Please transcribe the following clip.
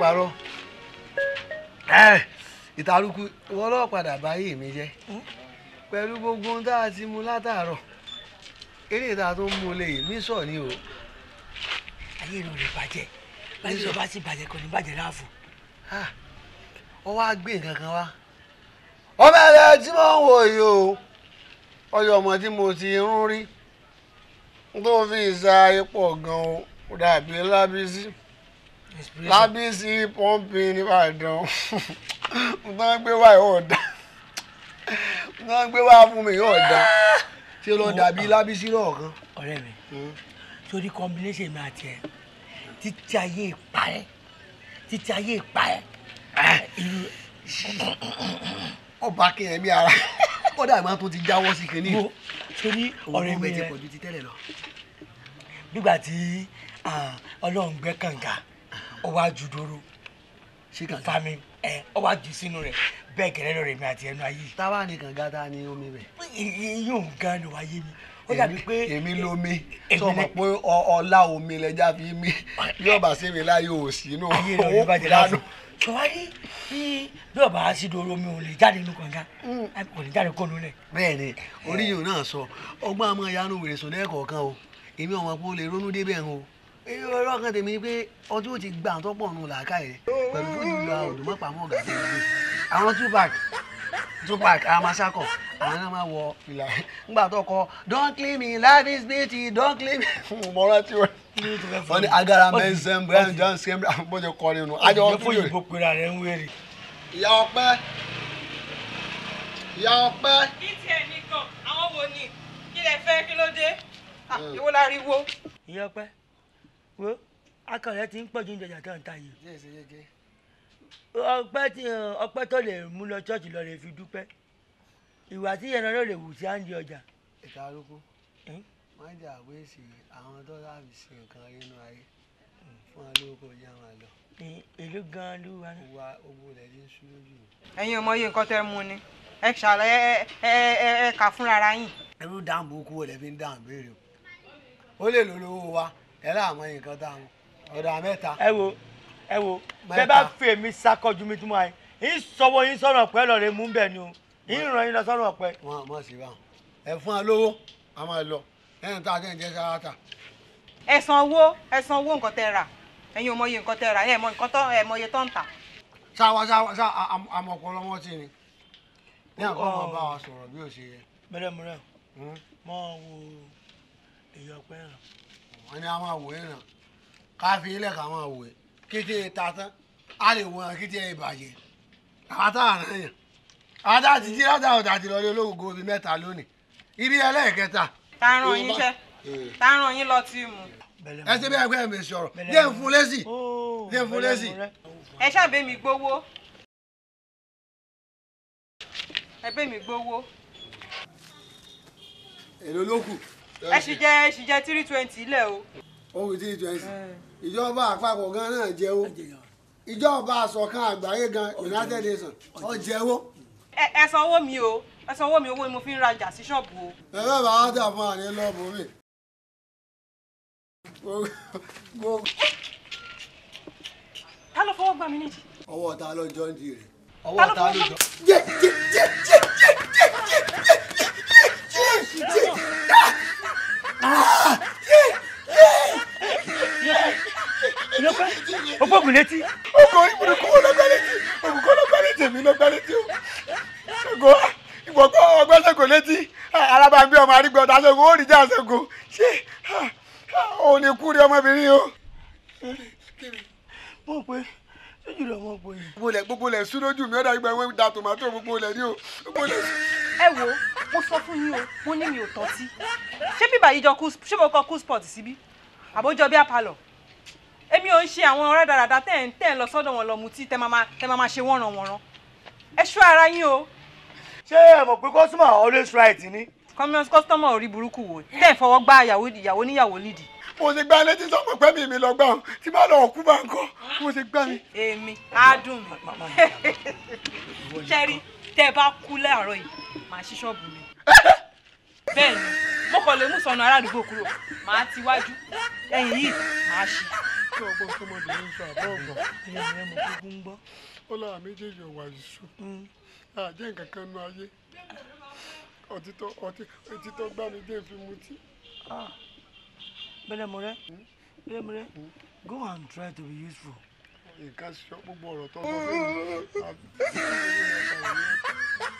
parọ́ ìtàrúkú ìwọ náà padà báyé mi jẹ́ pẹ̀lú gbogbo ohun tá a ti mu látàárọ̀ eré tó ń lè mí sọ ni o. ayé rẹ̀ lè bàjẹ́ bá ti ọ wá gbé nǹkan kan wá tí mo ń wò yìí o tí mo ti rún rí tó fi dàbí lábísí. lábísí pọ́ǹpì nìbàdàn mo tán gbé wá ìwọ ọ̀dà mo tán gbé wá fún mi ìwọ ọ̀dà ṣé lọ dàbí lábísí náà kan. ọ̀rẹ́ mi hmm. sórí combination mi àti ẹ títí ayé ìpa ẹ títí ayé ìpa ẹ ọba kẹyìn mi ara kódà ìgbà tó ti jáwọ́ sí kínní. sórí ọ̀rẹ́ mi rẹ gbígbà tí ọlọ́run gbẹ́ kànga ó wá ju dóró fami ẹ ọ wá jù sínú rẹ bẹ́ẹ̀ gẹ́lẹ́ lọrẹ mi àti ẹnu ayé. táwa ni kànga ta ni omi rẹ. yóò gan ni wàá yé mi ó dàbí pé èmi lómi sọ ma pé ọlá omi lẹja fi mí yóò bá sí mi láyé òsì inú owó kùdánù. sọwárí bí bí ọba sì dòrò omi ò lè jáde nínú kànga hmm. kò lè jáde kónú lẹ. bẹ́ẹ̀ni oríyìn náà sọ ọgbọ́n àmọ́ ìyanu wèrè sùn lẹ́ẹ̀kọ̀ọ̀kan o èmi ọmọ pé o lè ronú débẹ̀ ń o ọlọ́run kan tèmi pé ọdún ò ti gbà tó pọ̀ nù làákàyè pẹ̀lú fúdù lọ odò mọ́ pàmò ọ̀gá tó yẹ àwọn tupac tupac amasako àwọn náà máa wọ ìlà ńgbà tó kọ don clean me life is beauty don clean me mo rántí wọn wọn ni agara mẹsàn brian john skem bójú kọrin nù ajọ wọn fún yòó. ìbòpera rẹ ń wéèrè. ìyá ọpẹ́ ìyá ọpẹ́. ní tiẹ̀ nìkan àwọn wo ni kí lè fẹ́ kí ló dé ìwọ ah, hmm. la rí wo. ìyá ọpẹ́ wo akàn rẹ ti ń pọ̀jù oúnjẹ ìjà tó ń ta yìí. ọpẹ́ tí ọpẹ́ tó lè mú lọ ṣọ́ọ̀ṣì lọ lè fi dúpẹ́ ìwà tí yẹn náà lè wù sí àǹdí ọjà. ìka arúgbó máa jà pé sí àwọn tó láàbì sí nǹkan nínú ayé hmm. fún alóko ìyá máa lọ. èló gan-an ló wà. wa owó rẹ̀ ló ń sún lójú. ẹ̀yin ọmọ yìí nǹkan tẹ́ mú ni ẹ ṣàlàyé ẹ ẹ ẹ kà fúnra yín. ẹrú dáàbò kú ọ̀lẹ́ fi ń dáàbò béèrè o ó lè lò lówó wa Ela, láwọn nǹkan tá àwọn Ọdọ mẹ́ta. ẹ wo ẹ wo bẹ́ẹ̀ bá fi èmi sákọ́jú mi túmọ̀ ayé ń sọwọ́ yín sọ̀rọ̀ ọ̀pẹ mú o ń ràn yín lọ wọn sí wa ẹ fún wa lówó a máa lọ lẹ́yìn ta. ẹ san owó ẹ san owó nǹkan tẹ ò mọyì nǹkan tẹ ẹ mọ nǹkan tọ àmọ ọpọlọ sí ni ní bá wa bí ó wọ́n ní a máa wò é ràn ká fi ilẹ̀ ká máa wò é kété ta tán a lè wọ́n kété ìbàjẹ́ àtà àràyàn àtà ti jí látà ọ̀tà ti lọ́ọ́ olóògùn omi mẹ́ta lónìí ibi ẹlẹ́ẹ̀kẹta. ta ràn yín ṣe ta yín lọ tí mu. ẹ ṣe bí ẹgbẹ́ mi sọ̀rọ̀ dé ń fún lẹ́sì dé ń fún lẹ́sì. ẹ ṣàbẹ̀ mi gbowó ẹ bẹ̀ mi gbowó. èlò ló kù ẹ sì jẹ ẹ sì jẹ three twenty lẹ o. ohun tí twenty ìjọba àpapọ̀ gan náà jẹ́ o ìjọba àṣọ̀kan àgbáyé gan united nations ó jẹ́ o. ẹ sanwó mi o ẹ sanwó mi owó ni mo fi ń rajà sí ṣọ́ọ̀bù o. ẹ bẹ́ẹ̀ bá wá dà fún àní lọ́ọ̀bù mi. ta ló fọwọ́ gbà mí níjì. ọwọ́ ta ló jọ ń di rẹ̀. ọwọ́ ta ló jọ. lọ́pẹ́ ọgbọ́gùn létí. ọkọ ìbùdó kúrò lọ́gbà létí òkùnkọ́ lọ́gbà létí èmi lọ́gbà létí o. ṣògo ìgbọ̀gbọ́ ọgbẹ́ ṣògo létí alábàágbé ọmọ arígbọ̀n ta ṣògo ó rí já ṣògo ṣé òun ni kú rí ọmọbìnrin o. mo pe lójú rẹ ọmọ gbòye. gbogbo lẹ gbogbo lẹ sún lójú mi ọ̀dà ìgbà ìwé da tòmátò gbogbo lẹ ní o gbogbo lẹ ẹ wo mo sọ fún yín o mo ní mi ò tọ́ sí ṣé bíbá yìí jọ ṣé mo kọ cool spot síbí àbójọ bí apalọ èmi ò ń ṣe àwọn ọ̀rẹ́ dáradára tẹ́ ẹ̀ ń tẹ́ ẹ̀ lọ sọ́dọ̀ wọn lọ mutí tẹ́ tẹ́ máa ṣe wọ́nran wọ̀nran ẹ ṣọ́ ara yín o. ṣé ẹ mọ̀ pé customer always right ni. customer ò rí burúkú wò tẹ́ ẹ̀ fọwọ́ gbá ìyàwó níyàwó nídìí. mo ti gbá létí sọ́pọ̀ pẹ́ mi mi lọ gbà ọ́n tí bá lọ́ọ́ kú bá ń kọ́ mo ti gbá mi. èmi á dùn mí ṣẹ́rí tẹ́ ẹ bá kú láàárọ̀ yìí màá ṣí ṣọ́ọ̀bù mi. bẹ́ẹ̀ mo kàn lè mú sọnù ará àdúgbò kúrò màá ti wájú ẹ̀yìn yìí sọ ọgbọ́n tọmọbìnrin sọ àbọ̀ ọgbọ́n ìyẹn ìyẹn mo kúkú ń gbọ́ ó lára méjèèjì ọ̀wà ìṣù àjẹ́ nǹkan kan nu ayé òtítọ́ gbá mi dé fi mutí. Ah, bẹ́lẹ̀ mo rẹ́ bẹ́lẹ̀ mo rẹ́ go and try to be useful. nǹkan ṣe gbogbo ọ̀rọ̀ tó sọ fún mi.